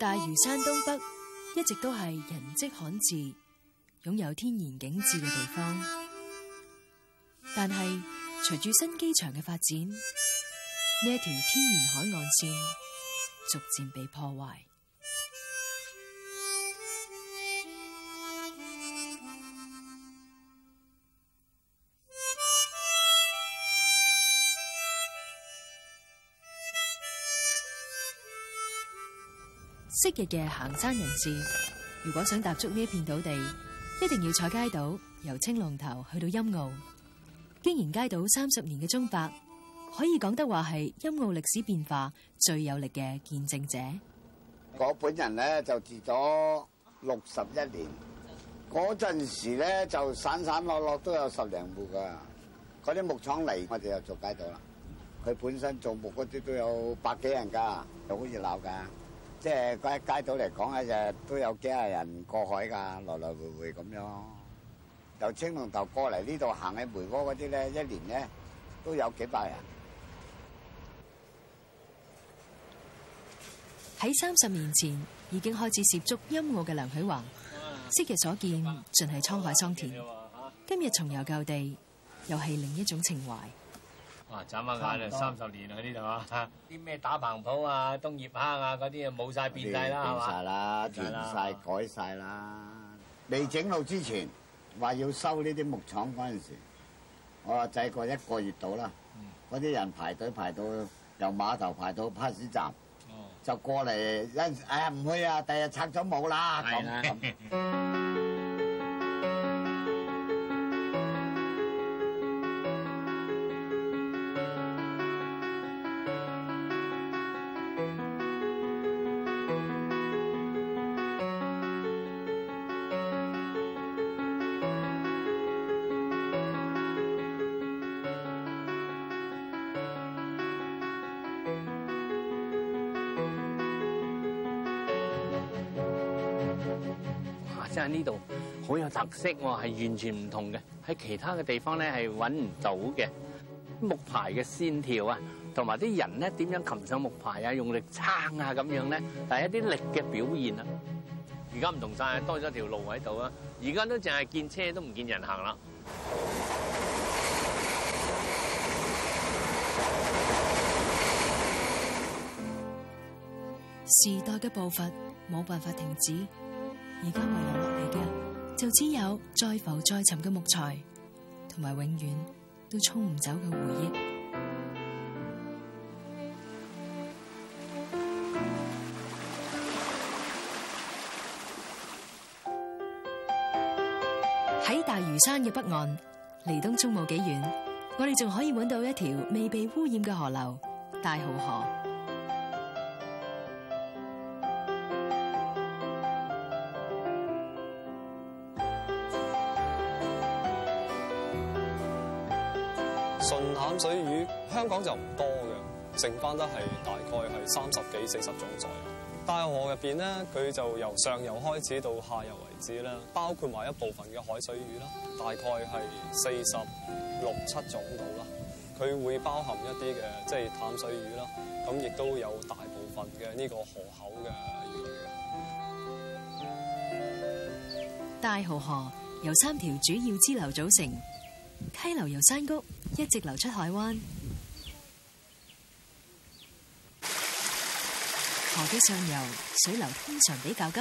大嶼山東北一直都係人跡罕至、擁有天然景致嘅地方，但係隨住新機場嘅發展，呢一條天然海岸線逐漸被破壞。昔日嘅行山人士，如果想踏足呢一片土地，一定要坐街島由青龍頭去到陰澳。經營街島三十年嘅鍾伯，可以講得話係陰澳歷史變化最有力嘅見證者。我本人咧就住咗六十一年，嗰陣時咧就散散落落都有十零戶噶。嗰啲木廠嚟，我哋又做街島啦。佢本身做木嗰啲都有百幾人噶，就好熱鬧噶。即係喺街道嚟講啊，就都有幾廿人過海噶，來來回回咁樣。由青龍頭過嚟呢度行喺梅窩嗰啲咧，一年咧都有幾百人。喺三十年前已經開始涉足陰澳嘅梁許華，昔日所見盡係滄海桑田，今日重遊舊地，又係另一種情懷。哇！眨下眼啦，三十年嗰呢度啊，啲咩、啊、打棚鋪啊、冬葉坑啊嗰啲啊，冇晒變曬啦，係嘛？變曬啦，變曬改晒啦。未整路之前，話要收呢啲木廠嗰陣時，我話制過一個月到啦。嗰啲、嗯、人排隊排到由碼頭排到巴士站，嗯、就過嚟一誒唔、哎、去啊！第日拆咗冇啦咁。即係呢度好有特色喎，係完全唔同嘅，喺其他嘅地方咧係揾唔到嘅。木牌嘅線條啊，同埋啲人咧點樣擒上木牌啊，用力撐啊咁樣咧，但係一啲力嘅表現啊，而家唔同晒，多咗條路喺度啊！而家都淨係見車都唔見人行啦。時代嘅步伐冇辦法停止。而家遺留落嚟嘅，就只有再浮再沉嘅木材，同埋永遠都沖唔走嘅回憶。喺大嶼山嘅北岸，離東涌冇幾遠，我哋仲可以揾到一條未被污染嘅河流——大蠔河。純淡水魚香港就唔多嘅，剩翻得係大概係三十幾四十種左右。大河入邊咧，佢就由上游開始到下游為止啦，包括埋一部分嘅海水魚啦，大概係四十六七種到啦。佢會包含一啲嘅即係淡水魚啦，咁亦都有大部分嘅呢個河口嘅魚類嘅。大蠔河由三條主要支流組成，溪流由山谷。一直流出海灣，河的上游水流通常比較急，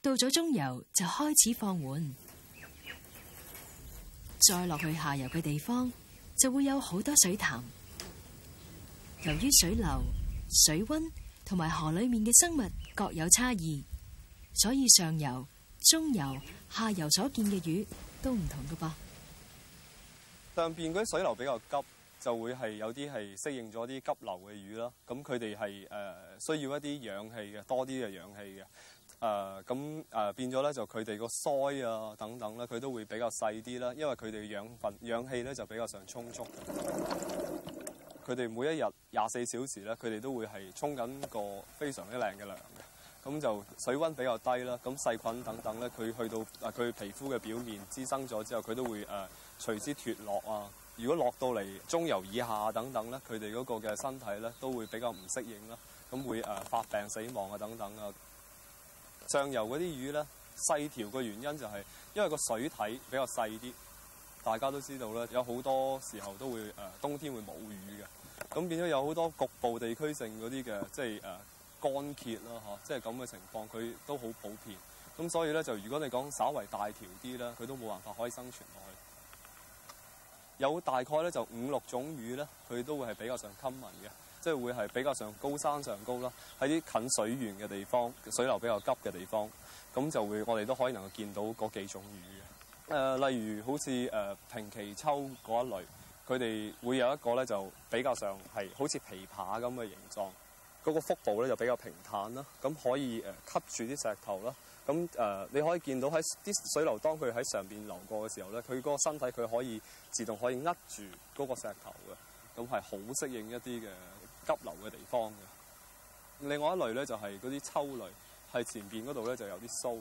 到咗中游就開始放緩，再落去下游嘅地方就會有好多水潭。由於水流、水溫同埋河裏面嘅生物各有差異，所以上游，中游、下游所見嘅魚都唔同噶噃，上邊嗰啲水流比較急，就會係有啲係適應咗啲急流嘅魚啦。咁佢哋係誒需要一啲氧氣嘅，多啲嘅氧氣嘅。誒咁誒變咗咧，就佢哋個腮啊等等咧，佢都會比較細啲啦。因為佢哋嘅養分、氧氣咧就比較上充足。佢哋每一日廿四小時咧，佢哋都會係沖緊個非常之靚嘅涼咁就水溫比較低啦，咁細菌等等咧，佢去到啊佢皮膚嘅表面滋生咗之後，佢都會誒、呃、隨之脫落啊。如果落到嚟中游以下等等咧，佢哋嗰個嘅身體咧都會比較唔適應啦，咁會誒、呃、發病死亡啊等等啊。上游嗰啲魚咧細條嘅原因就係因為個水體比較細啲，大家都知道咧，有好多時候都會誒、呃、冬天會冇魚嘅，咁變咗有好多局部地區性嗰啲嘅，即係誒、呃乾竭啦，嚇，即係咁嘅情況，佢都好普遍。咁所以咧，就如果你講稍為大條啲咧，佢都冇辦法可以生存落去。有大概咧就五六種魚咧，佢都會係比較上襟民嘅，即係會係比較上高山上高啦，喺啲近水源嘅地方，水流比較急嘅地方，咁就會我哋都可以能夠見到嗰幾種魚嘅。誒、呃，例如好似誒、呃、平鰭鰍嗰一類，佢哋會有一個咧就比較上係好似琵琶咁嘅形狀。嗰個腹部咧就比較平坦啦，咁可以誒、呃、吸住啲石頭啦。咁誒、呃、你可以見到喺啲水流當佢喺上邊流過嘅時候咧，佢嗰個身體佢可以自動可以握住嗰個石頭嘅，咁係好適應一啲嘅急流嘅地方嘅。另外一類咧就係嗰啲鰍類，係前邊嗰度咧就有啲鬚。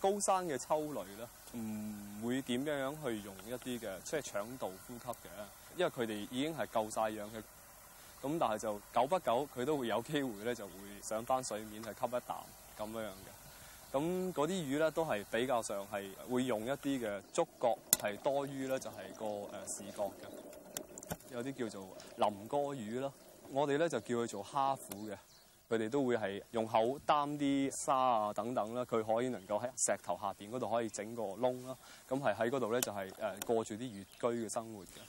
高山嘅鰍類咧唔會點樣樣去用一啲嘅即係腸道呼吸嘅，因為佢哋已經係夠晒氧嘅。咁但係就久不久，佢都會有機會咧，就會上翻水面去吸一啖咁樣嘅。咁嗰啲魚咧都係比較上係會用一啲嘅觸覺係多於咧，就係、是、個誒視覺嘅。有啲叫做林哥魚啦，我哋咧就叫佢做蝦虎嘅。佢哋都會係用口擔啲沙啊等等啦，佢可以能夠喺石頭下面嗰度可以整個窿啦。咁係喺嗰度咧就係、是、誒、呃、過住啲穴居嘅生活嘅。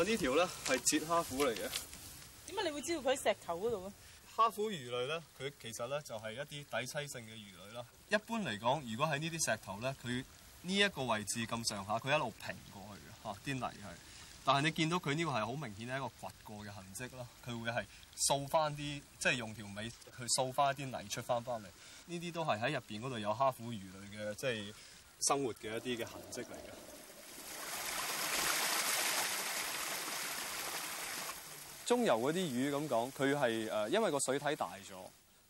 我、啊、呢條咧係切蝦虎嚟嘅。點解你會知道佢喺石頭嗰度咧？蝦虎魚類咧，佢其實咧就係一啲底棲性嘅魚類啦。一般嚟講，如果喺呢啲石頭咧，佢呢一個位置咁上下，佢一路平過去嘅，吓、啊、啲泥係。但係你見到佢呢個係好明顯係一個掘過嘅痕跡咯，佢會係掃翻啲，即、就、係、是、用條尾去掃翻啲泥出翻翻嚟。呢啲都係喺入邊嗰度有蝦虎魚類嘅，即、就、係、是、生活嘅一啲嘅痕跡嚟嘅。中游嗰啲魚咁講，佢係誒因為個水體大咗，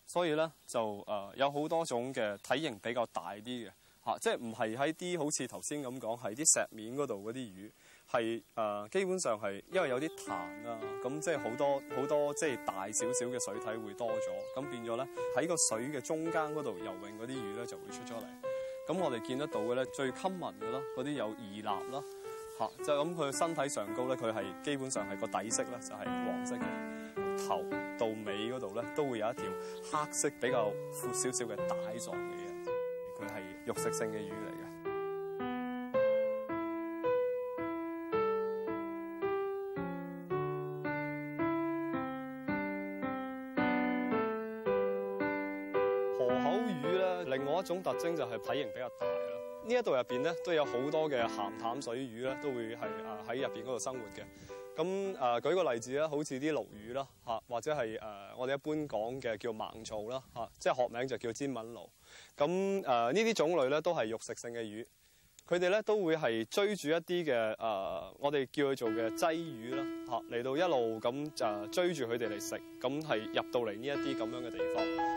所以咧就誒有好多種嘅體型比較大啲嘅嚇，即係唔係喺啲好似頭先咁講係啲石面嗰度嗰啲魚，係誒基本上係因為有啲潭啦，咁即係好多好多即係、就是、大少少嘅水體會多咗，咁變咗咧喺個水嘅中間嗰度游泳嗰啲魚咧就會出咗嚟，咁我哋見得到嘅咧最襟聞嘅啦，嗰啲有異鱲啦。嚇、啊，就咁、是、佢身體上高咧，佢係基本上係個底色咧就係、是、黃色嘅，由頭到尾嗰度咧都會有一條黑色比較闊少少嘅帶狀嘅嘢。佢係肉食性嘅魚嚟嘅。河口魚咧，另外一種特徵就係體型比較大。呢一度入邊咧，面都有好多嘅鹹淡水魚咧，都會係啊喺入邊嗰度生活嘅。咁誒，舉個例子咧，好似啲鱸魚啦，嚇或者係誒我哋一般講嘅叫盲草，啦，嚇，即係學名就叫尖吻鱸。咁誒呢啲種類咧，都係肉食性嘅魚，佢哋咧都會係追住一啲嘅誒，我哋叫佢做嘅鰍魚啦，嚇嚟到一路咁就追住佢哋嚟食，咁係入到嚟呢一啲咁樣嘅地方。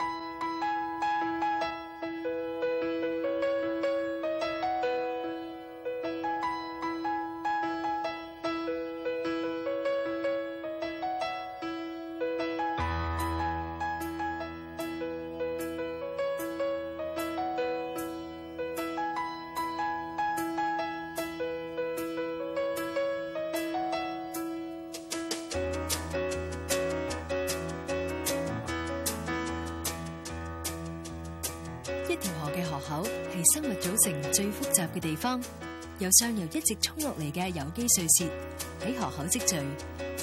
組成最複雜嘅地方，由上游一直沖落嚟嘅有機碎屑喺河口積聚，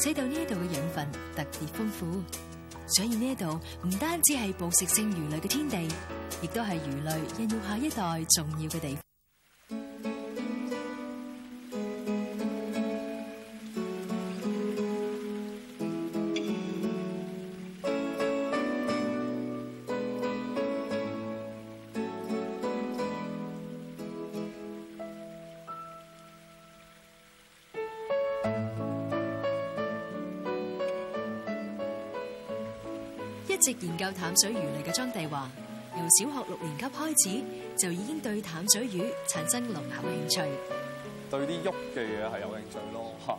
使到呢一度嘅養分特別豐富。所以呢一度唔單止係捕食性魚類嘅天地，亦都係魚類孕育下一代重要嘅地方。教淡水魚類嘅莊地話，由小學六年級開始就已經對淡水魚產生濃厚興趣。對啲喐嘅嘢係有興趣咯，吓、啊、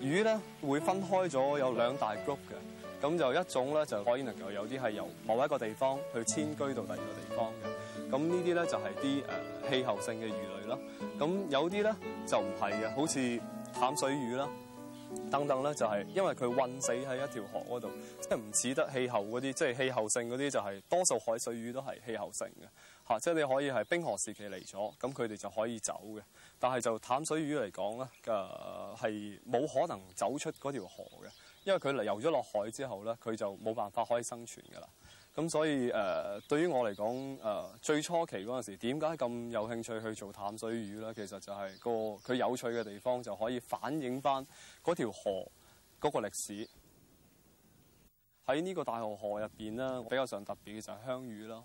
魚咧會分開咗有兩大 group 嘅，咁就一種咧就可以能夠有啲係由某一個地方去遷居到第二個地方嘅，咁呢啲咧就係啲誒氣候性嘅魚類啦。咁有啲咧就唔係嘅，好似淡水魚啦。等等咧，就係因為佢困死喺一條河嗰度，即係唔似得氣候嗰啲，即係氣候性嗰啲就係、是、多數海水魚都係氣候性嘅，吓、啊，即、就、係、是、你可以係冰河時期嚟咗，咁佢哋就可以走嘅，但係就淡水魚嚟講咧，誒係冇可能走出嗰條河嘅，因為佢嚟游咗落海之後咧，佢就冇辦法可以生存噶啦。咁所以誒、呃，對於我嚟講，誒、呃，最初期嗰陣時，點解咁有興趣去做淡水魚咧？其實就係、個佢有趣嘅地方，就可以反映翻嗰條河嗰個歷史喺呢個大蠔河入邊咧。比較上特別嘅就係香魚啦，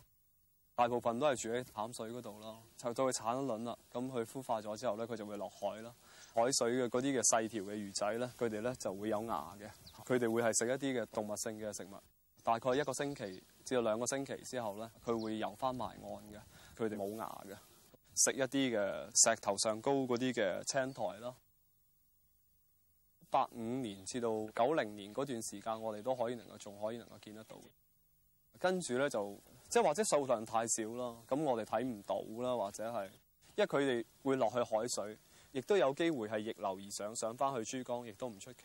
大部分都係住喺淡水嗰度啦。就到佢產卵啦，咁佢孵化咗之後咧，佢就會落海啦。海水嘅嗰啲嘅細條嘅魚仔咧，佢哋咧就會有牙嘅，佢哋會係食一啲嘅動物性嘅食物，大概一個星期。至到兩個星期之後咧，佢會游翻埋岸嘅。佢哋冇牙嘅，食一啲嘅石頭上高嗰啲嘅青苔咯。八五年至到九零年嗰段時間，我哋都可以能夠仲可以能夠見得到。跟住咧就即係或者數量太少咯，咁我哋睇唔到啦，或者係因為佢哋會落去海水，亦都有機會係逆流而上，上翻去珠江，亦都唔出奇。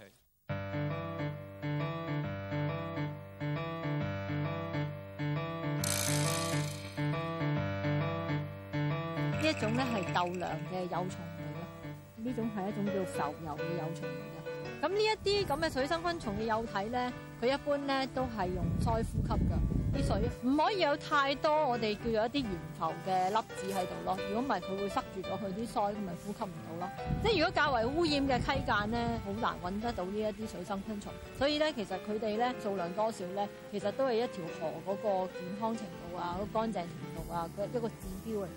這種咧，係豆娘嘅幼蟲嚟嘅，呢種係一種叫浮游嘅幼蟲嚟嘅。咁呢一啲咁嘅水生昆蟲嘅幼體咧，佢一般咧都係用鰓呼吸噶。啲水唔可以有太多我哋叫做一啲懸浮嘅粒子喺度咯。如果唔係，佢會塞住咗佢啲腮，佢咪呼吸唔到咯。即係如果較為污染嘅溪澗咧，好難揾得到呢一啲水生昆蟲。所以咧，其實佢哋咧數量多少咧，其實都係一條河嗰個健康程度啊、乾淨程度啊嘅一個指標啊。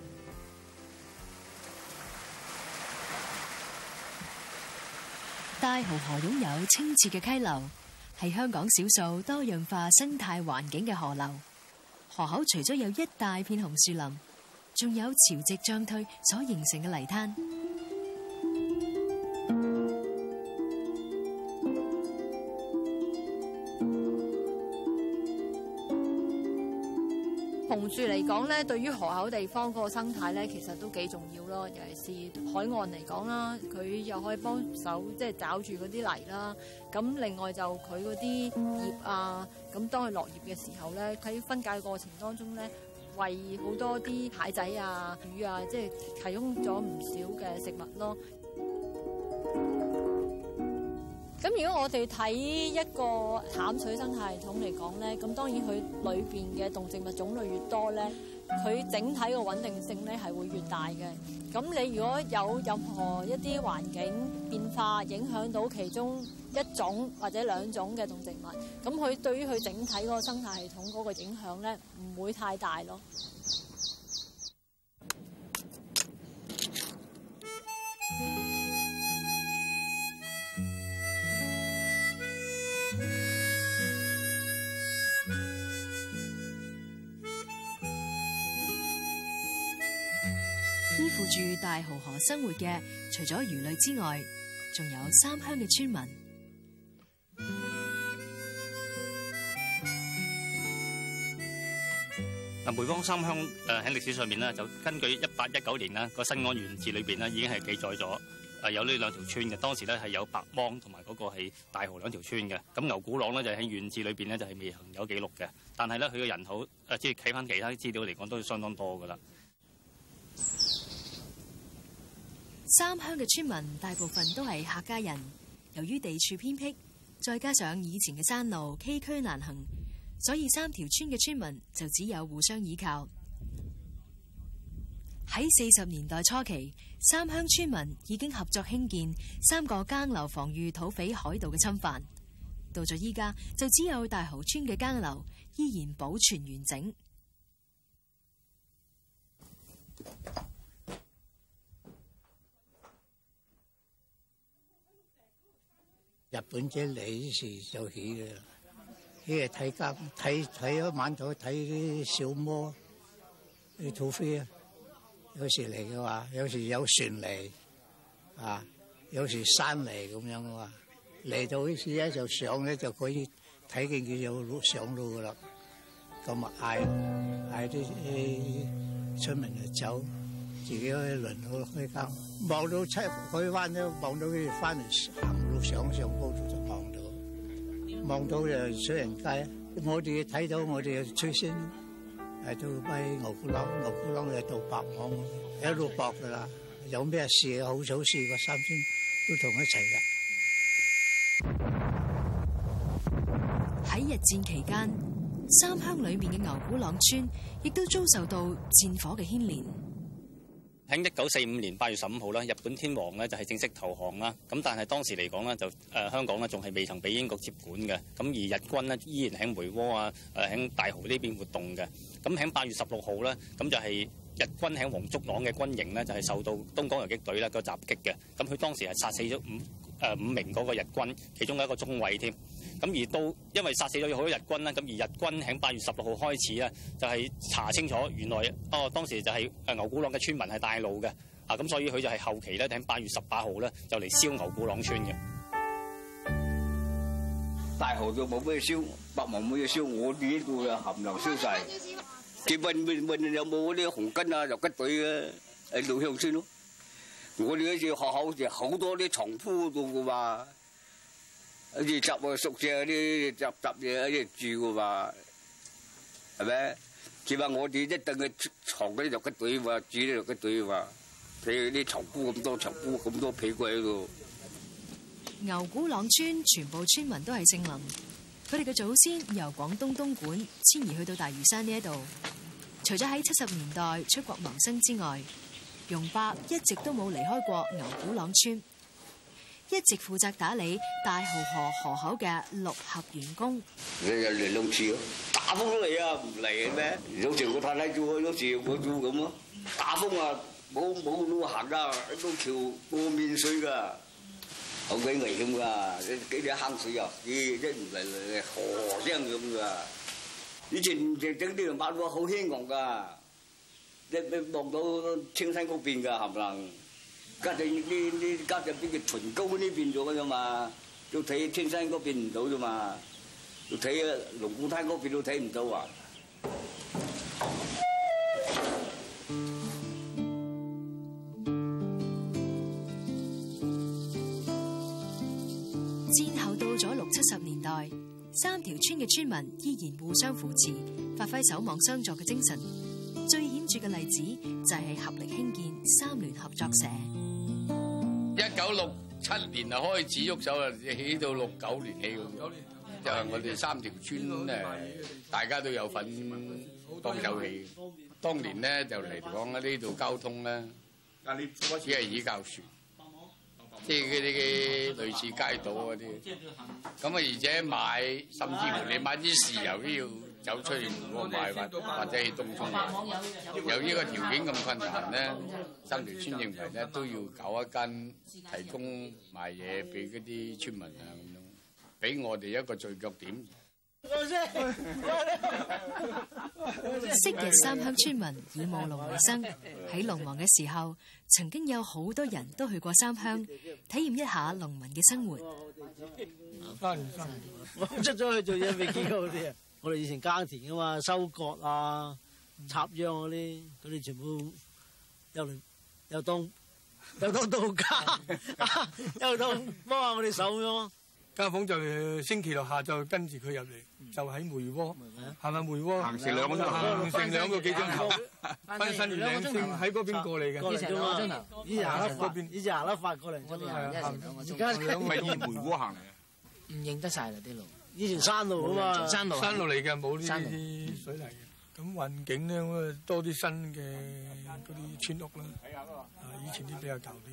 大蠔河擁有清澈嘅溪流，係香港少數多樣化生態環境嘅河流。河口除咗有一大片紅樹林，仲有潮汐漲退所形成嘅泥灘。講咧，對於河口地方個生態咧，其實都幾重要咯。尤其是海岸嚟講啦，佢又可以幫手即係找住嗰啲泥啦。咁另外就佢嗰啲葉啊，咁當佢落葉嘅時候咧，佢喺分解嘅過程當中咧，餵好多啲蟹仔啊、魚啊，即係提供咗唔少嘅食物咯。咁如果我哋睇一個淡水生態系統嚟講咧，咁當然佢裏邊嘅動植物種類越多咧，佢整體嘅穩定性咧係會越大嘅。咁你如果有任何一啲環境變化影響到其中一種或者兩種嘅動植物，咁佢對於佢整體嗰個生態系統嗰個影響咧，唔會太大咯。附住大蠔河生活嘅，除咗魚類之外，仲有三鄉嘅村民。嗱，梅崗三鄉誒喺歷史上面咧，就根據一八一九年咧個新安縣志裏邊咧，已經係記載咗誒有呢兩條村嘅。當時咧係有白芒同埋嗰個係大蠔兩條村嘅。咁牛古朗咧就喺縣志裏邊咧就係未有記錄嘅，但係咧佢嘅人口誒即係睇翻其他資料嚟講都係相當多噶啦。三鄉嘅村民大部分都係客家人，由於地處偏僻，再加上以前嘅山路崎嶇難行，所以三條村嘅村民就只有互相倚靠。喺四十年代初期，三鄉村民已經合作興建三個更樓，防御土匪海盜嘅侵犯。到咗依家，就只有大蠔村嘅更樓依然保存完整。日本仔嚟時就起嘅，起嚟睇監睇，睇咗晚頭睇啲小魔啲土匪啊！有時嚟嘅話，有時有船嚟啊，有時山嚟咁樣嘅話嚟到呢時咧，就上咧就可以睇見佢有上路嘅啦。咁咪嗌嗌啲村民就走，自己去輪到開監，望到七海灣都望到佢哋翻嚟。上上高就望到，望到又水人街。我哋睇到我哋嘅，最先係到翻牛牯朗，牛牯朗又到白芒，一路薄噶啦。有咩事好小事，個三村都同一齊嘅。喺日戰期間，三鄉裏面嘅牛牯朗村亦都遭受到戰火嘅牽連。喺一九四五年八月十五號啦，日本天皇咧就係正式投降啦。咁但係當時嚟講咧，就誒、呃、香港咧仲係未曾俾英國接管嘅。咁而日軍咧依然喺梅窩啊、誒、呃、喺大蠔呢邊活動嘅。咁喺八月十六號咧，咁就係日軍喺黃竹塱嘅軍營咧就係受到東江遊擊隊咧個襲擊嘅。咁佢當時係殺死咗五誒五名嗰個日軍，其中一個中尉添。咁而到因為殺死咗有好多日軍啦，咁而日軍喺八月十六號開始咧，就係、是、查清楚原來，哦當時就係誒牛古朗嘅村民係帶路嘅，啊咁所以佢就係後期咧，喺八月十八號咧就嚟燒牛古朗村嘅。大蠔都冇咩燒，白芒冇嘢燒，我呢度部就含量燒曬，即係冇冇冇有冇嗰啲紅筋啊，有骨尾啊，喺度燒村咯、啊。我哋嗰次學校好多啲床鋪到噶嘛，好似集啊宿舍啲集集嘢喺度住噶嘛，係咪？佢話我哋一定去床嗰啲落個隊話，煮啲落個隊話，睇嗰啲床鋪咁多，床鋪咁多奇喺度。牛古朗村全部村民都係姓林，佢哋嘅祖先由廣東東莞遷移去到大嶼山呢一度，除咗喺七十年代出國謀生之外。容伯一直都冇離開過牛牯塱村，一直負責打理大蠔河河口嘅六合員工。一日嚟兩次咯，打風都嚟啊，唔嚟咩？有時我太太做，有時我做咁咯。打風啊，冇冇路行噶，嗰橋過面水噶，好鬼危險噶，嗰啲坑水啊，一陣嚟嚟嚟，河聲咁噶，以前正正啲人買過好興噶。你望到青山嗰邊噶，冚唪唥。加上呢呢，加上邊個屯高呢變咗嘅嘛？要睇青山嗰邊唔到啫嘛，要睇啊龍鼓灘嗰邊都睇唔到啊！戰後到咗六七十年代，三條村嘅村民依然互相扶持，發揮守望相助嘅精神。嘅例子就係合力興建三聯合作社。一九六七年啊開始喐手啊，起到六九年起咁，就係我哋三條村誒，大家都有份當手氣。當年咧就嚟講喺呢度交通咧，只係以舊船，即係嗰啲類似街道嗰啲。咁啊，而且買甚至乎你買啲豉油都要。走出去外賣或者去東涌，由於呢個條件咁困難咧，三條村認為咧都要搞一間提供賣嘢俾嗰啲村民啊咁樣，俾我哋一個聚腳點。昔日三鄉村民以務農為生，喺農忙嘅時候，曾經有好多人都去過三鄉體驗一下農民嘅生活。新新，我出咗去做嘢未見到好啲啊！我哋以前耕田噶嘛，收割啊、插秧嗰啲，佢哋全部又又當又當刀耕，又當幫下我哋手咁咯。家鳳就星期六下晝跟住佢入嚟，就喺梅窩，係咪梅窩行成兩個鐘行成兩個幾鐘頭，翻身完兩喺嗰邊過嚟嘅。過嚟咗粒粒發過嚟。我哋梅窩行嚟？唔認得曬啦啲路。以前山路啊嘛，山路山路嚟嘅，冇呢啲水泥，咁環境咧，多啲新嘅嗰啲村屋啦。啊，以前啲比較舊啲，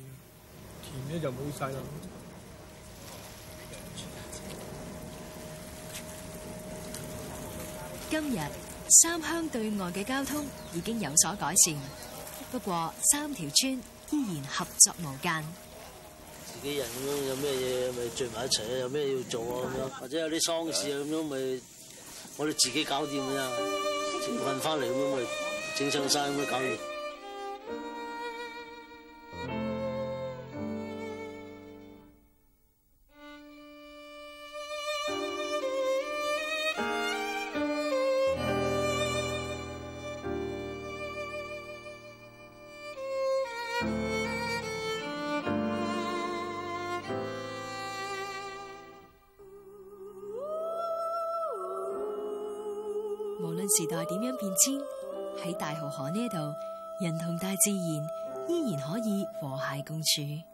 田咧就冇晒啦。今日三鄉對外嘅交通已經有所改善，不過三條村依然合作無間。自己人咁樣，有咩嘢咪聚埋一齊啊？有咩要做啊咁樣，或者有啲喪事啊咁樣咪，我哋自己搞掂啦，問翻嚟咁樣咪整上山咁樣搞掂。在點樣變遷，喺大蠔河呢度，人同大自然依然可以和諧共處。